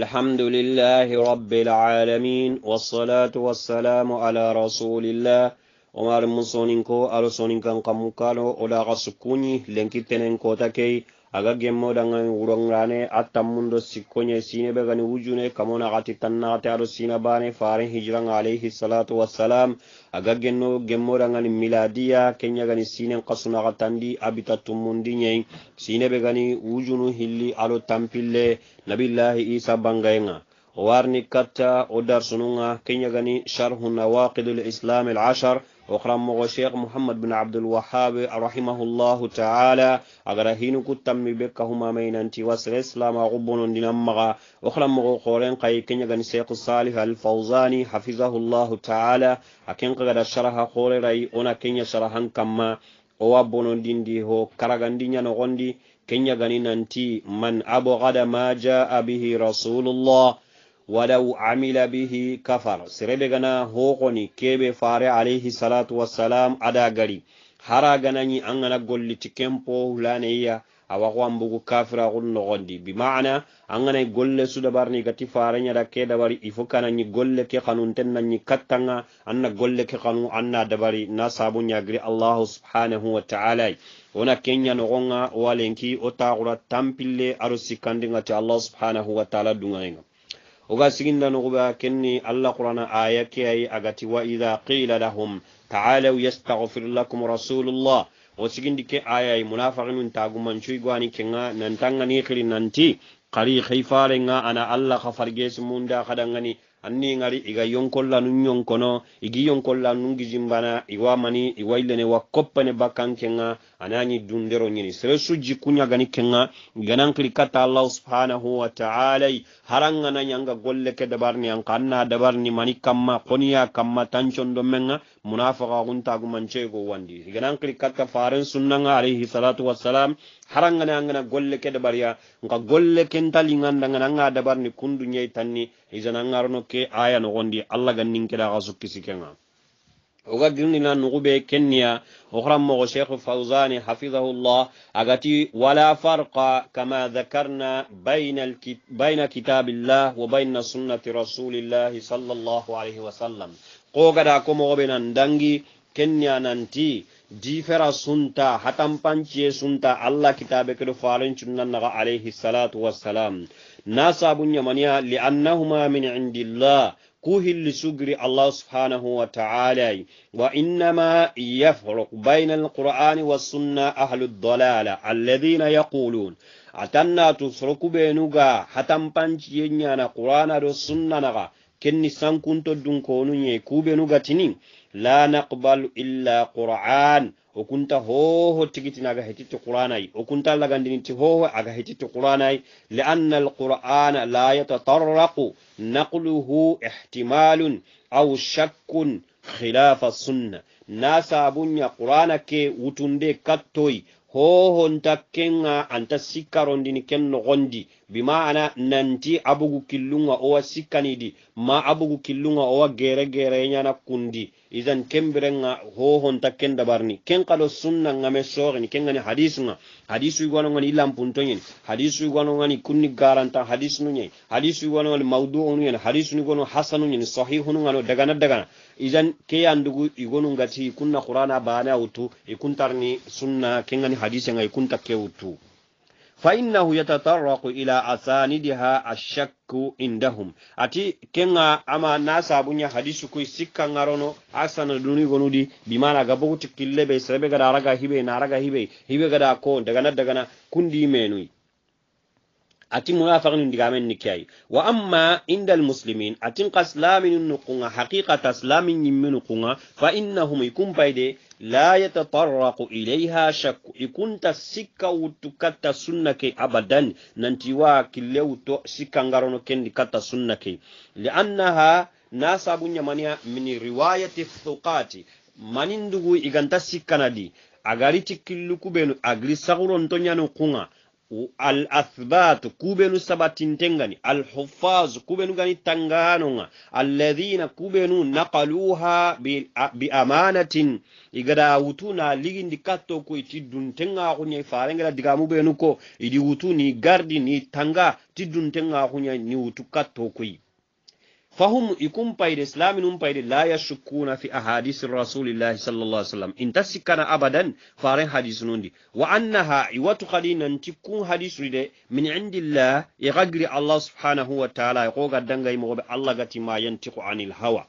الحمد لله رب العالمين والصلاة والسلام على رسول الله ومار منصونين كو أرسونين كان قمو أولا غسكوني لنكي تنين كوتاكي aga gemmodangani wurongurane attammundo sikkoñe sinebe gani wujune kamo na ta aɗo sina bane faren hijiranga alayhi salatu wassalam aga genno gemmodangani miladiya kenya gani sinen kasunaxa tandi abita tummundi ñayi sinebe gani wujunu hilli aɗo tampille nabillahi isa bangayenga warni katta o darsununga kenya gani sharhu nawaqidul islam al ashar okran mogo sheikh muhammad bin abdulwahabi rahimahullahu taala agara hinu kuttammi be kahumamayinanti wasere silama kubonondinan maga okran mogo koren kayi kenyagani sheikh salih alfauzani hafizahullahu taala aken kagada sharaha korerai ona kenya sharahan kamma owa bonondindi ho karagandi nyanogondi kenyagani nanti man abogada ma jaa bihi rasulullah walau amila bihi kafar sirebe gana hokoni kebe fare alayhi salatu wassalam ada gari hara ganani an gana golliti kempo hulaneya awaku an bugu kafira kun bi bimana an gana golle su dabarni gati fare nyada ke dabari ifo kanani golle ke kanun tennani kattanga anna golle ke kanu anna dabari na sabu nyagiri allahu subhanahu wa ta'ala wona kenya nogonga walenki o taxura tampille aro sikkandingati allah subhanahu wa ta'ala dungaenga oga sigindanogoɓe a kenni allah qurana aya ke ayi agati wa idha qila lahum taalaw yastagfir lakum rasulullah o sigindi ke ayayi munafakinun tagumancuyi gwani kenga ni khiri nanti khaifare nga ana allah ka fargesi munda kadangani anni ngari iga yonkolla nun yonkono igi yonkolla nun gijimbana iwa mani iwa ilene wa koppane bakkan kenga anani dundero nyini sere suji kunya gani kenga ganan klikata allah subhanahu wa ta'ala haranga na nyanga golle ke dabarni an kanna dabarni mani kamma qoniya kamma tanchon do menga munafaqa gunta gumanche go wandi ganan klikata faran sunnanga alayhi salatu wassalam harangana angana golle ke dabariya nka golle kentaliganda ngana anga dabarni kundu ñayi tanni isana angarono ke aya nogondi allah gannin keda xa sukkisi kenga oga girnina nugube kenniya oxran mogo cheikh fausani hafidahullah agati wala farqa kama dhakarna baina kitabillah wa baina sunnati rasulillah sallallahu alaihi wasallam kogada ko mogoɓe nan dangi kenniya nanti jifera sunta hatampancie sunta allah kitabe kedo farencunnan naga alayhi salatu wassalam na sabunyamaniya liannahuma min indillah kuhilli sugri allah subhanahu wa taala wa innama yafruq baina alqur'ani wassunna ahlu dalala alladhina yaqulun atanna tusroku benuga hatampancie nyana qur'ana do sunna naga kenni sankunto dunkonu ye kubenugatinin la naqbalu illa qur'an okunta hoho tigitinaga hetitti qur'anai okunta lagandiniti hoho aga hetitti qur'anai lianna alqur'ana la yatatarraqu naqluhu ihtimalun aw shakkun khilafa sunna na sabunya qur'ana ke wutunde kattoi hohon takkenga anta sikkarondini ken nogondi ana nanti abugu killunga owa sikkanidi ma abugu killunga owa gere gere nyana kundi izan hohon ta ken barni ken kalo sunna ngame sorini ken ngani hadisu nga hadisu igwano ngani ilampunto nyeni hadisu igwano ngani kunni garanta hadisu nu hadisu igwano ngani maudu nu nyeni hadisu ni igwano hasanu nyeni sahihun nu ngano dagana dagana izan ke yandugu igonu ngati kunna qur'ana bana utu ikuntarni sunna kengani ngani nga ikunta ke utu fainnahu ya tattara ku ila a tsani di ha a shakku inda hun a ti kenga ama na sabu nya hadisu kai sikka ngarono a sana duni gonu di bi ma na gabu gada raga hibe na hibe hibe gada ko daga daga kun di me nui. muna fagin diga min ni kiyaye wa amma inda musulmin a ti kasilamin nukunga hakika tasilamin yin min nukunga fa ina hu mai kun la ya ku ilaiha shakku ikunta sika wutu kata sunna ke abadan nanti wa kille wuto sikka ngarono kendi katta sunna ke li'annaha nasabu nyamaniya min riwayati thuqati manindugu iganta sikkanadi agari cikkillu kubenu agri saguronto kunga al athbat kuɓenu sabatintengani al huffaz kuɓenu gani tanganoga alladhina kuɓenu naqaluha bi amanatin igada wutu na ligindi katto ko iti duntengakuñai farengeda digamuɓenu ko idi wutu ni gardi ni tanga ti duntengakuñai ni wutu katto fahum ikun paide islamin un paide la ya shukuna fi ahadisi rasulillah sallallahu alaihi wasallam in tasikana abadan farin hadis nundi wa annaha iwatu qalinan tikun hadis ride min indillah ya gagri allah subhanahu wa ta'ala ya koga dangai mo be allah gati ma yanti anil hawa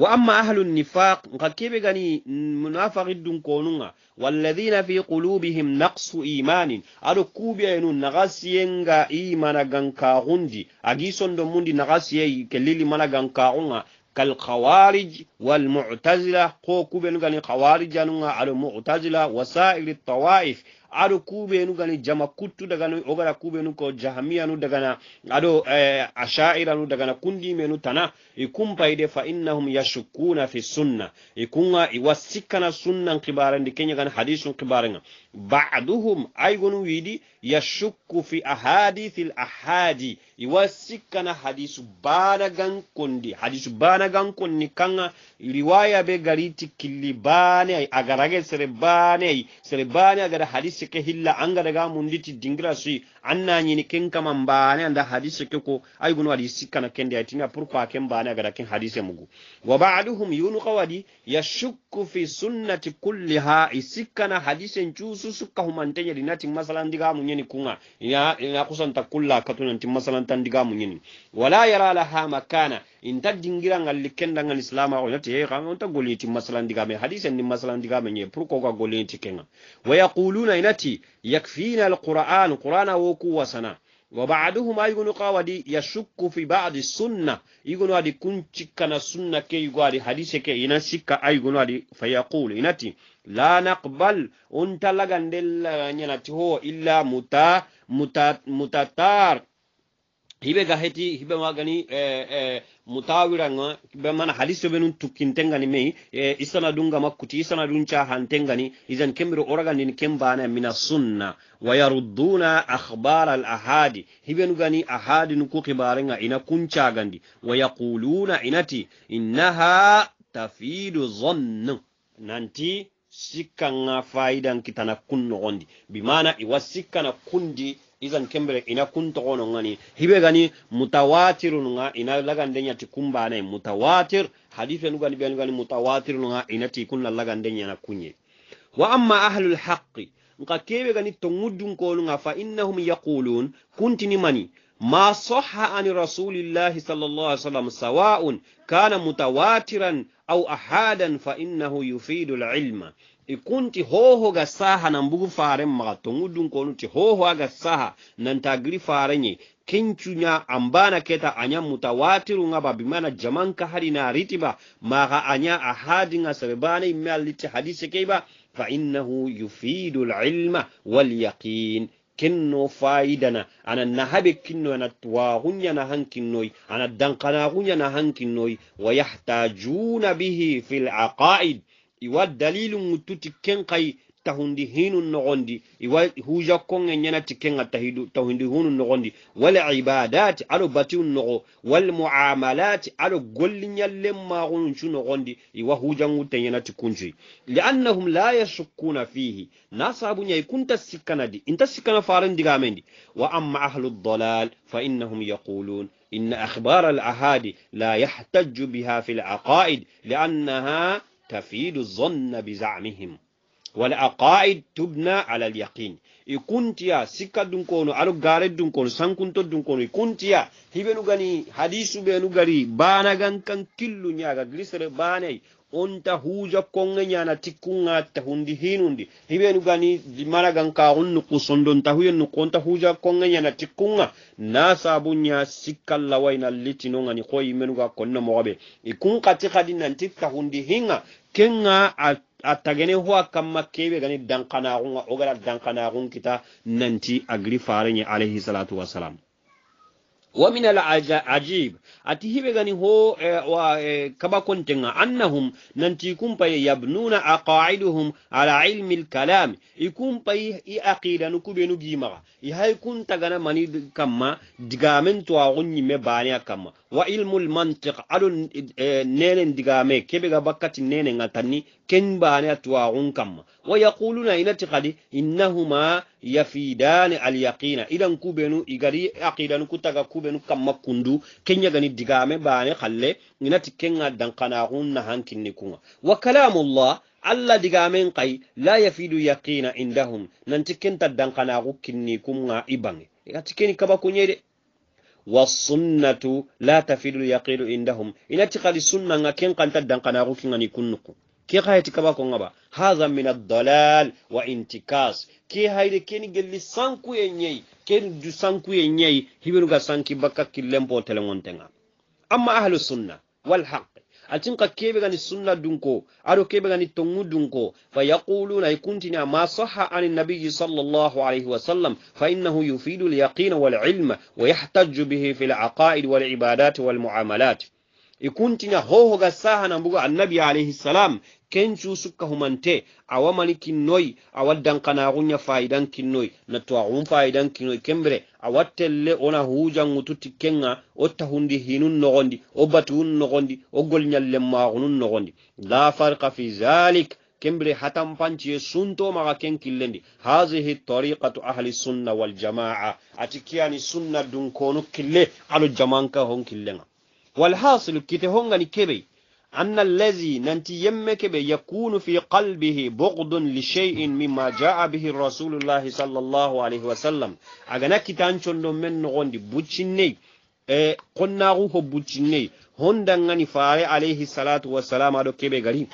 wa amma ahlun nifaq nka kebe gani munafaqi dun konunga walladhina fi qulubihim naqsu imanin ado kubiyayinu nagasiyenga imana gankaxundi agi sondo mundi nagasiye kelili mana gankaxunga kalkhawarij walmutazila ko kubenugani khawarijanunga ado mutazila wasairi tawaif aɗo kuɓenu gani jama kuttuɗa gani ogara kuɓenu ko jahamiyanu dagana aɗo eh, ashairanu dagana kundimenu tana i kumpayde fa innahum yashukuna fi sunna i kunga iwa sikkana sunnan kibarandi kenya gani hadisun kibarenga baduhum aygonu wiidi yashukku fi ahadithi l ahadi iwa sikkana hadisu bana kondi hadisu bana konni kanga riwaya be gariti killi bane ay agarage sere bane ay sere bane agara hadisi sike hilla ga daga munditi dingira sui anna ni kin kama da hadisi ke ko ai gunu wadi sikana kende atinga a ken bane aga ken hadise mugu wa ba'aduhum yunu qawadi yashukku fi sunnati kulliha isikana hadise nchusu sukka humantenya dinati masalan diga munyeni kunga ya kusanta kulla tin masalan tandiga munyeni wala yara laha makana inta dingira ngalli kenda ngal islama ko nati he eh, kan onta goliti masalan diga me hadisen ni masalan diga me nye pour ko ga goliti kenga wa yaquluna inati yakfina alquran qur'ana wo ku wasana wa ba'duhum aygunu qawadi yashukku fi ba'd sunna igunu adi kunchikana sunna ke yugo adi hadise ke ina sikka aygunu adi fayaqulu inati la naqbal on talaga nyana ho illa muta muta mutatar hibe ga heti magani eh, eh be mana hadis yoɓe num tengani mai eh, isana ɗum gama kuti isana ɗum cahantengani isan kemiro oragandini ken bana mina sunna wa yarudduna akhbar al ahadi hiɓe nugani ahadi nu ku hibarenga ina kuncagandi wa yaquluna inati innaha tafidu zonn nanti sikanga fa'idan kitana kunno. nogondi bimana iwa kundi izan kembere ina kuntogono ngani hibe gani mutawatirun nga ina lagande nyati kumbane mutawatir hadithe nugani be nugani mutawatirun nga ina ti kunna lagande na kunye wa amma ahlul haqqi nka kebe gani tongudun kolu nga fa innahum yaqulun kuntini mani ما صح عن رسول الله صلى الله عليه وسلم سواء كان متواترا أو أحادا فإنه يفيد العلم ikunti hoho ga saha nan bugu faren maga tongu konu ti hoho aga saha nan tagiri farenye kincunya ambana keta anya mutawatiru nga ba bimana jaman hari na ritiba maka anya ahadi nga sabana imme hadise keba fa innahu yufidu ilma wal yaqin kinno faidana ana nahabe kinno ana tuwahunya na hankinnoi ana dankanahunya na hankinnoi wa yahtajuna bihi fil aqaid iwa dalilu ŋuttu ti ken ta tahundi hinu nogondi iwa huja konge nyana ta tahidu tahundi hunu nogondi wal ibadati alo batiu nogo wal muamalati alo golli nyalle maagunu chu nogondi iwa huja ngute nyana tikunji liannahum la yashukuna fihi nasabu nyai kunta sikana di inta sikana faran digamendi wa amma ahlu dhalal fa innahum yaqulun إن أخبار العهاد لا يحتج بها في العقائد لأنها تفيد الظن بزعمهم والعقائد تبنى على اليقين ikuntiya sikka dun kono alo gare dun kono sankunto dun kono ikuntiya hibenu gani hadisu benu gari bana gan kan killu nyaga grisere banai onta huja konge nyana tikkunga ta hundi hinundi hibenu gani mara gan ka unnu kusondon ta huyen nu konta huja konge nyana tikkunga na sabunya sikkal lawaina litino ni ko menu ga konna mobe ikun kati kadi nan tikka hundi hinga kenga a huwa ho a kamma kebe gani dankanaxunga ogara dankanaxun kita nanti agiri farenye alayhi salatu wasalam wa la ajiyeba a ti hibe ganin kuma eh, eh, kaba kontin ha ana humna tii kuma a kawai ala cilmi kalami i kuma i aki da kube i kun taga na mani kama diga manta waku nyime ba kama. wa ilmul mantiq alun eh, nenen me kebe bakkati bakati nenen tanni ken bane atwa unkam wa yaquluna inati kadi innahuma yafidani yaqina idan kubenu igari aqidanu kutaga kubenu kama kundu kenya gani me bane khalle inati kenga dankana hunna hankinni kuma wa kalamullah allah men kai la yafidu yaqina indahum nanti kenta dankana kinni kuma ibange igati keni kaba kunyede wasunnatu la tafidu yaqilu indahum ina kali sunna nga ken kanta dankanaku kingani kunnuku ke hayati kaba ko ngaba hadha min ad-dalal wa intikas ke hayde keni gelli sanku yenyei ken du sanku yenyei hibenu ga sanki bakka killempo telengontenga amma ahlu sunna wal haq atin ka kebe gani sunna dunko ado kebe gani tongu dunko fa yaquluna ikuntini ma sahha an nabiyyi sallallahu alayhi wa sallam fa innahu yufidu al-yaqin wal ilma wa yahtaju bihi fil aqaid wal ibadat wal muamalat Ikuntina hoho ga saha na mbugo annabi alayhi salam kencu sukka humante awa a kinnoy awa fa'idan fayidan na natuwaxun faidan kinnoy a awa telle ona hujanŋututi kenga o tahundi hinun noxondi o batuun noxondi o golñallenmaxunun noxondi la farka fi zalik kembere hatanpanciye suntomaxa ken killendi hazihi tariqatu ahli sunna waljamaa ati kiyani sunna dunkonu kille alo jamanka hon killenga walhasil kite hongani keɓey anna allazi nanti yemme keɓe yakunu fi qalbihi bogdun li cheyin mima jaa bihi rasulullahi sallllahu alayhi wa sallam agana kitanconɗo men nogondi buccinneyi e qonnaku ho buccinneyi hondangani faare alayhi salatu wassalam aɗo keɓe gari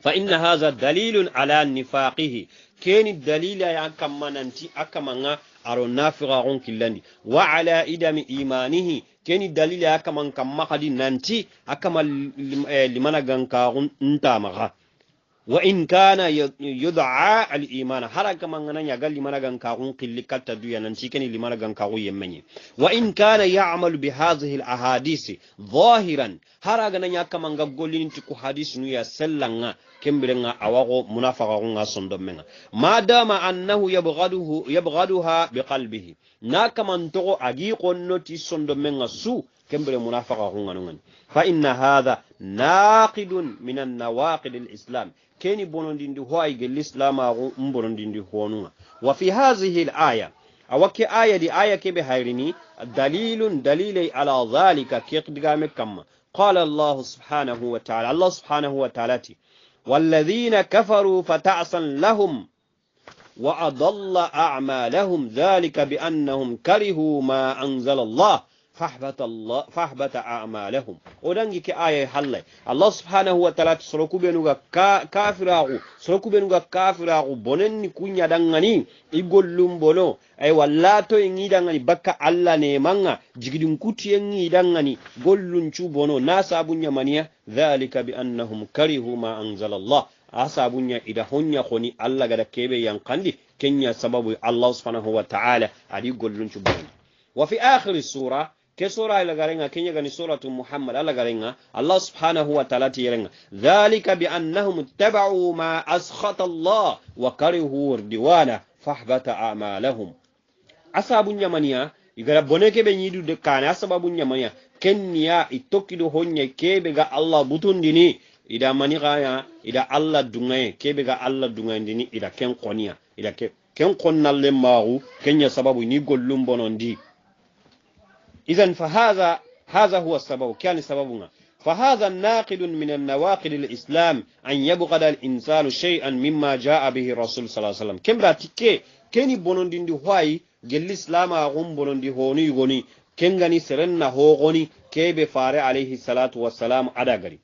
fa inna haza dalilun ala nifaqihi keni dalila ya kamma nanti akamanga aro nafika kon killandi wa ala idami imanihi keni dalili akama nkamma kadi nanti akama eh, limana gankaxun ntamaxa wa in kana yud'a al imana har kama ngana ya gal limana gan ka kun qilli katta duya nan shi kani limana gan ka kuyen menye wa in kana ya'malu bi hadhihi al ahadisi zahiran hara gana ya kama ga golin ti ku hadisi nu ya sallanga kembirenga awago munafaqa kunga sondo menga madama annahu yabghaduhu yabghaduha bi qalbihi na kama ntogo agi qonno ti sondo menga su kembere munafaqa kunga nungani فإن هذا ناقد من النواقد الإسلام كيني بونندين دي هواي الإسلام بونندين دي هونونا وفي هذه الآية أوكي آية دي آية كي بهيرني دليل دليل على ذلك كي قدقام كما قال الله سبحانه وتعالى الله سبحانه وتعالى والذين كفروا فتعصا لهم وأضل أعمالهم ذلك بأنهم كرهوا ما أنزل الله fahbata a'malahum odan ke aya halle Allah subhanahu wa ta'ala soroku benu ga kafiragu soroku benu ga kafiragu bonen ni kunya dangani igollum bono ay wallato ingi dangani bakka Allah ne manga jigidin kuti ingi dangani gollun cu bono na sabunya maniya dhalika bi annahum karihu ma anzala Allah asabunya ida honya khoni Allah gada kebe yankandi kenya sababu Allah subhanahu wa ta'ala adi gollun cu bono وفي آخر السورة ke sura ila garenga kenya gani suratu muhammad ala garenga allah subhanahu wa ta'ala ti tirenga dhalika bi annahum ittaba'u ma askhata allah wa karihu ridwana fahbata a'malahum asabun yamaniya igara bone ke be nyidu de kana asababun yamaniya kenniya ittokido honye kebe ga allah butun dini ida mani gaya ida allah dungaye kebe ga allah dini ida ken qoniya ida ke ken qonnallen maru kenya sababu ni gollum bonondi إذا فهذا هذا هو السبب كان سببنا فهذا ناقد من النواقد الإسلام أن يبغض الإنسان شيئا مما جاء به الرسول صلى الله عليه وسلم كم راتك كني بنندين دي هواي جل الإسلام أقوم بنندي هوني غني كنغني سرنا هو غني كيف فارع عليه الصلاة والسلام غري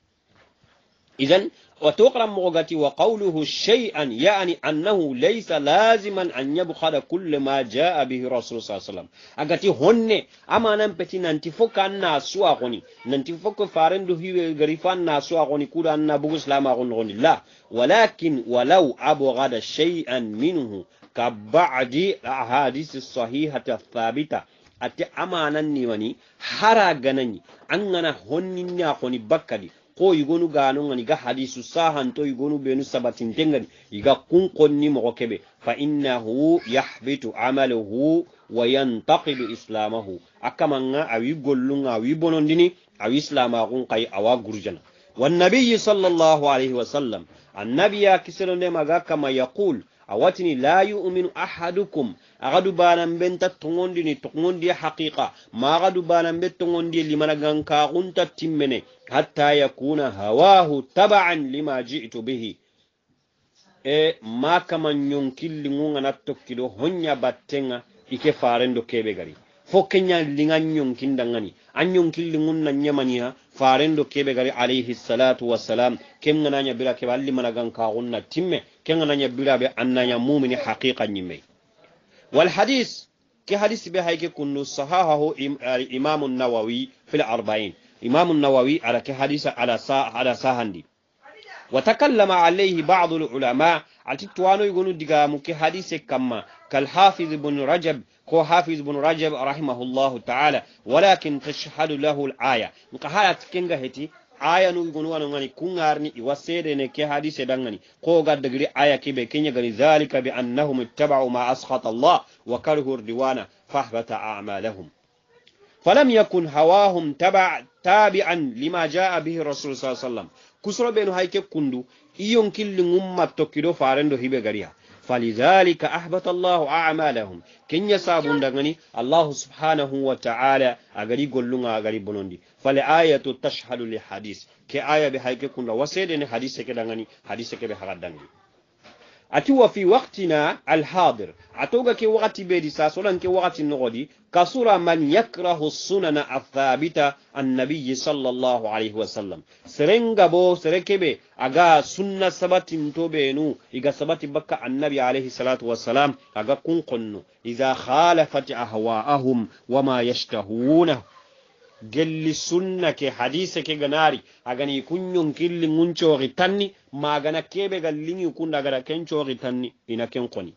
إذن وتقرأ مغتي وقوله شيئا يعني أنه ليس لازما أن يبخل كل ما جاء به رسول صلى الله عليه وسلم أغتي هن أما نمبتي ننتفك أن ناسوا غني ننتفك فارن دهي غريفان ناسوا غني كود أن نبغ سلام غني لا ولكن ولو أبغض شيئا منه كبعد الأحاديث الصحيحة الثابتة أتي أما نني وني حرا غنني أننا هن نيا غني بكدي ko igonu gano ngani ga hadisu sahan to igonu benu sabatin tengani iga kun konni mo kebe fa innahu yahbitu amaluhu wa yantaqidu islamahu akamanga awi gollunga awi dini awi islama kun kai awa gurjana wan nabiyyi sallallahu alaihi wasallam annabiya kiselo ne maga kama yaqul awatini la yu'minu ahadukum agadu banan benta tongondi ni tongondi haqiqa ma agadu banan be tongondi limana ganka gunta timmene hatta yakuna hawahu taba'an lima ji'tu bihi e ma kama nyonkilli ngunga na tokkido honya battenga ike farendo kebe gari fo kenya linga nyonkindangani an nyonkilli ngunna nyamaniya farin farendo kebe gari alayhi salatu wassalam ken gana mana gan ka gunna timme ken gana ñabbiraɓe annaña mumini nyime wal walhadis ke hadis be hayke kunnu sahahahu an nawawi fil arbain an nawawi ala ke hadisa ala sahandi وتكلم عليه بعض العلماء التتوانو يقولون ديغا مكي حديثة كما كالحافظ بن رجب كو حافظ بن رجب رحمه الله تعالى ولكن تشهد له الآية مكهاية تكينغا هتي آية نو يقولون أنه كنغارني وسيدني كي حديثة دنغني كو قد دقري آية كي بكينيا ذلك بأنهم اتبعوا ما أسخط الله وكره الدوانة فحبت أعمالهم فلم يكن هواهم تبع تابعا لما جاء به الرسول صلى الله عليه وسلم kusoro ɓenu hay kekkundu iyon killi ngummat tokkiɗo farendo hiɓe gariha falidhalika ahbata allahu amalahum kenya sabundagani allahu subhanahu wa taala agari golluga agari bonondi fale ayatu tashhadu hadis ke aya ɓe hay kekkunda waseɗene hadise keɗagani hadise keɓe hakadangi ati wa fi waqtina alhadir atoga ke wakati bedi sa solan ke waqti nogodi kasura man yakrahu sunana athabita annabiyyi sallallahu alaihi wasallam serenga bo serekebe aga sunna sabati ntobenu iga sabati bakka annabi alaihi salatu wassalam aga kun konno idha khalafat ahwaahum wama yashtahuna gelli sunna ke hadise ke ganari agani kunyon killi ngunchori tanni magana kebe gallingi kunda gara kencho tanni ina kenkoni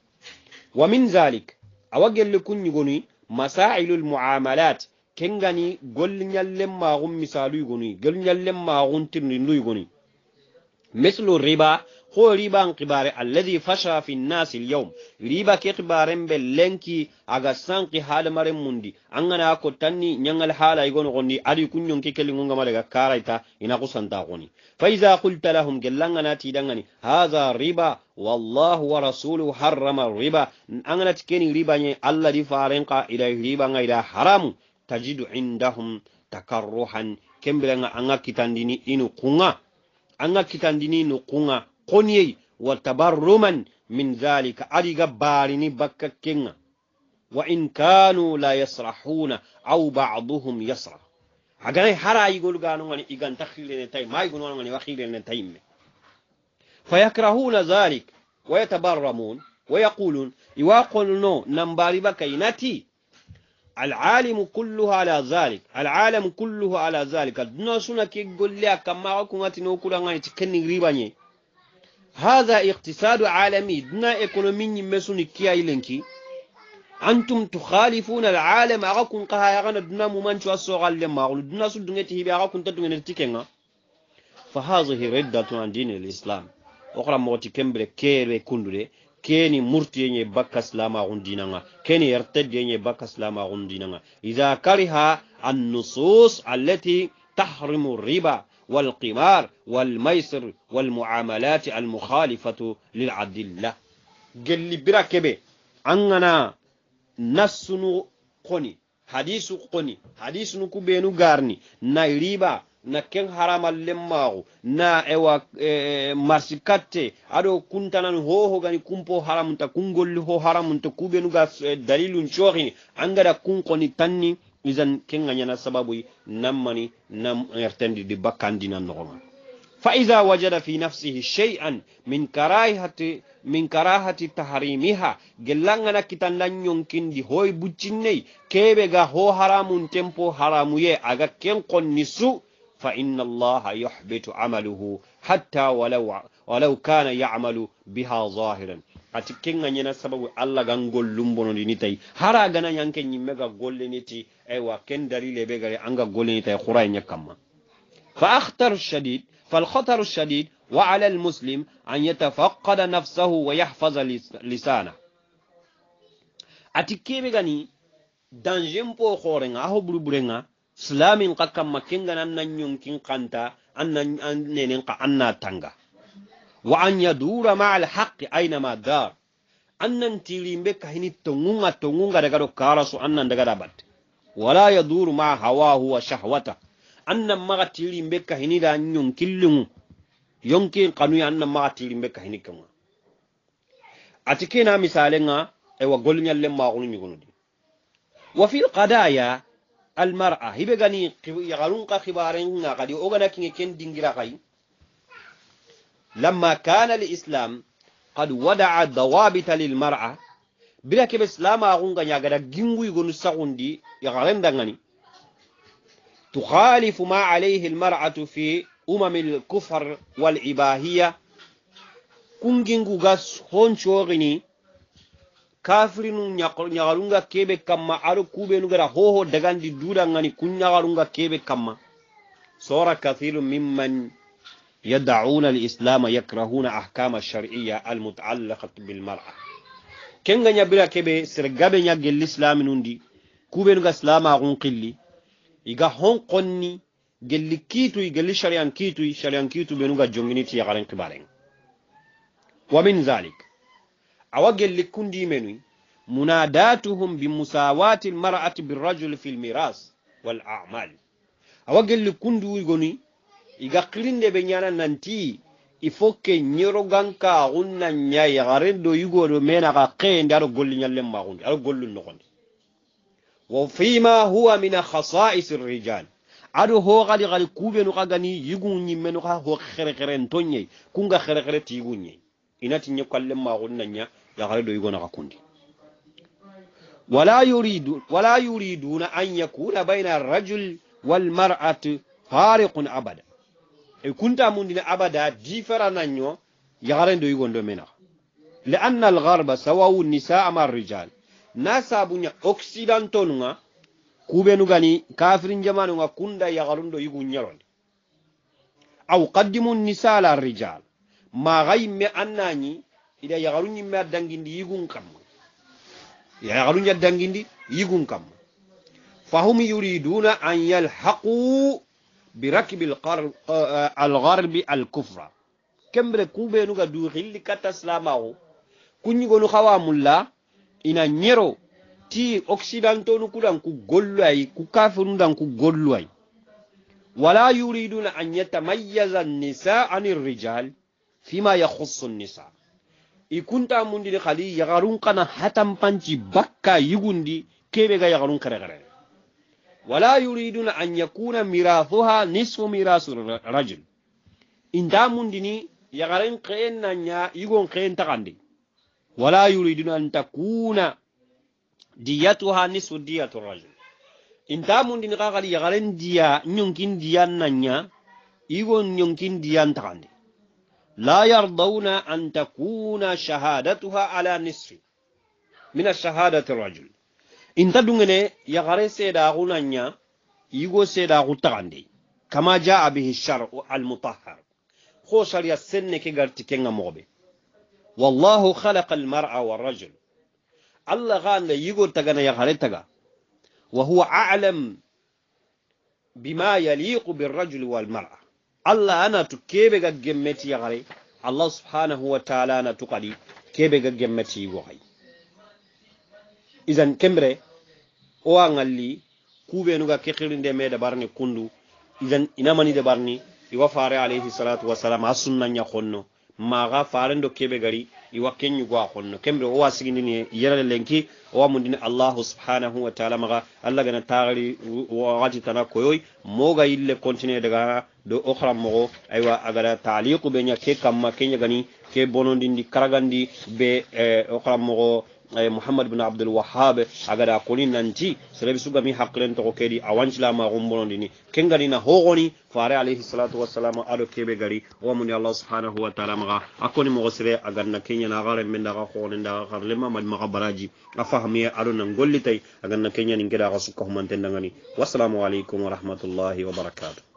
wa min zalik awa gelli goni masailul muamalat kengani golli nyallen magun misalu goni golli nyallen magun tirnindu goni mislu riba ko riba an kibare alladhi fasha fi an-nas al-yawm riba ke kibaren bellenki aga sanki hal marin mundi an gana ko tanni nyangal hala igon gonni ari kunyon ke kelin ngonga malaga karaita ina kusanta goni fa iza qulta lahum gellan gana ti dangani hadha riba wallahu wa rasuluhu harrama riba an gana tikeni riba ne allah di faren ka riba ngaida haram tajidu indahum takarruhan kembelanga anga kitandini inu kunga anga kitandini inu kunga kuniyai watabarruman min zalika ari gabari ni bakakkinga wa in kanu la yasrahuna aw ba'dhum yasra agane harayi gol ganu ngani igan takhile ne tay mai gunu ngani wakhile ne tay me fayakrahuna zalik wa yatabarramun wa yaqulun iwaqulnu nambari bakainati العالم كله على ذلك العالم كله على ذلك دنا سنا كي غوليا كما كنت نوكلا غاني تكني ريباني هذا اقتصاد عالمي دنا ايكونومي مسوني كيا يلنكي antum tukhalifuna alalam aga kun kaha yagana duna mumancu assogalle magulu duna su dungeti hibe aga kunta dungeneti kenga fa hazihi riddatun an dini lislam okora mogoti kembere kere kundude keni murti yenye bakka silamagun dinanga keni yartedde yenye bakka silamagun dinanga idha kariha annusus allati tahrimu riba والقمار والميسر والمعاملات المخالفة للعدلة قل براكبه عننا نس قني حديث kuni حديث nuku benu نايريبا na ken haramallen mago na ewa e, marsikatte aɗo kuntanan hoho gani kumpo haramunta kun golli ho haramunta ku benu dalilun cohini angada gada kun koni tanni izan kenga nyana sababu nammani nam ertendi di bakkandi nan nogoma fa iza wajada fi nafsihi shay'an min karahati min karahati tahrimiha gellangana kitandan di hoy buccinnei kebe ga ho haramun tempo haramuye aga ken konni فإن الله يحبط عمله حتى ولو ولو كان يعمل بها ظاهرا atikin ganye na sababu Allah gan gollun bono ni tai hara gana yanke nyimme ga golle ni ti ay wa an ga golle ni tai khura nya kamma fa akhtar shadid wa ala al muslim an yatafaqqada nafsahu wa yahfaza lisana atikebe gani danger mpo khorenga ho burburenga slamin ka kamma kinga nan nan yunkin kanta annan nenen ka anna tanga wa an dura ma alhaƙi haqqi aina ma dar annan tirimbe ka hini tungunga tungunga daga do karasu annan daga da bat wala duru ma hawa huwa shahwata annan maga tirimbe ka hini da yunkin lingu yonkin kanu annan maga tirimbe ka hini kama atikina misalenga ewa golnyallen ma kunu nyugunudi wa fil qadaya almar'a hibe gani yagarun ka khibaren na kadi ogana kinge ken dingira kai lamma kana alislam qad wada'a dawabita lilmar'a bila kebe islam agunga nyagada gingu igonu sagundi yagaren dangani تخالف ما عليه المرأة في أمم الكفر والإباهية كونجينغو غاس هونشوغني kafiri nu ñagarunga keɓe kamma aɗo kuɓenugara hoho dagandi duɗangani kun ñagarunga kebe kamma sora kathiru mimman yadauna alislama yakrahuna ahkama shari'a almutallaqat bilmar'a kenga ñabira keɓe sere gaɓe ñaggel l'islami nundi kuɓenuga slama kun qilli iga hon qonni gelli kiituy gelli shari'an kiituy shari'an kiitu ɓenuga jonginiti yagaren qibaren wa min zalik awa likundi kundimenuy munadatuhum bimusawati lmarati birajuli fi lmiras wal amal awa gelli iga kilinde ɓe ñana nanti il faut que ñeroganka xunna ñayi xaren do ka menaxa xeyende aɗo golli ñallen maxundi aɗo gollu noxondi wa fima huwa min khasa'is rijal aɗo hoxali xali kuɓenu xa gani yigun ñimmenu xa ho xerexeren to ñey kunga xerexere tiyigun ñey inati ñe kallen maxun na ña ya kare da yi gona kundi wala yuri na an ya kuna bayanar rajul wal mar'at farikun abada ikunta e mundi na abada jifara nan yau ya kare da yi gona domina la'annal garba sawawu nisa a rijal na sabunya occidental nuna kube nuga kafirin jama nuna kunda ya kare da yi gona au qaddimu nisa larijal ma me gaime nyi. ida yagaru ñimme a dangindi yigun kamma yagaru ña dangindi yigun kamma fahum yuriduna an yalhaqu birakbi algarbi eh, alkufra kembere kuɓenuga du xilli mula slamaxu ina ñero ti occidentonu kudan ku golluay ku kafirudan ku golluay wala yuriduna an yatamayyaza nisa an irrijal fima yaxussu nisa. ikunta khali yagarun kana hatam hatanpanci bakka yigundi kebe ga kare-kare. wala yuriduna an yakuna mirathuha nisfu mirasu rajul inda mundi ni xeen na ɲa yigon xeen taxandi wala yuriduna an takuna diyatuha nisfu diyatu rajul inta mundini xa xali yaxaren diya ɲonkin diyan na ɲa yigon diyan taxandi لا يرضون أن تكون شهادتها على نصف من الشهادة الرجل إن تدون يغري سيدا غنانيا يغو سيدا غتغاندي كما جاء به الشرع المطهر خوشر يسن كي موبي والله خلق المرأة والرجل الله غان يغو تغانا يغري تغا وهو أعلم بما يليق بالرجل والمرأة allah anatu kebe ga ya yagare allah subhanahu wa taala anatu kadi kebe ga ya yigoxay Izan kembre owa ngalli kuɓenuga ke xirinde me barni kundu izan inamani barni, iwa fare alayhi salatu salam, asunna nya maxa farendo keɓe gari iwa kenñugo a xonno kemɓe owa siginini yerale lenki owa mundini allahu subhanahu wa taala maxa allah gana taxari waxatitana koyoy moga yille continuer daga do o xaranmoxo aywa a gada taliqu ɓe ña ke kamma ke ñagani ke bonondindi karagandi ɓe o xaranmoxo muhammad bin abdul wahhab agada koni nanti selebi suga mi hakkilen togo kedi awancilama gombolondini kenganina hogoni fare alayhi salatu wassalam aɗo keɓe gari owamuni allah subhanahu wa taala maga akoni mogo sere aganna keñana aga remme ndaga hoone ndaga harlema madi maga baraji a fahamiye aɗo nan gollitay aganna keñanin keɗa aga sukka humantendagani wassalamu aleykum warahmatullahi wabarakatuh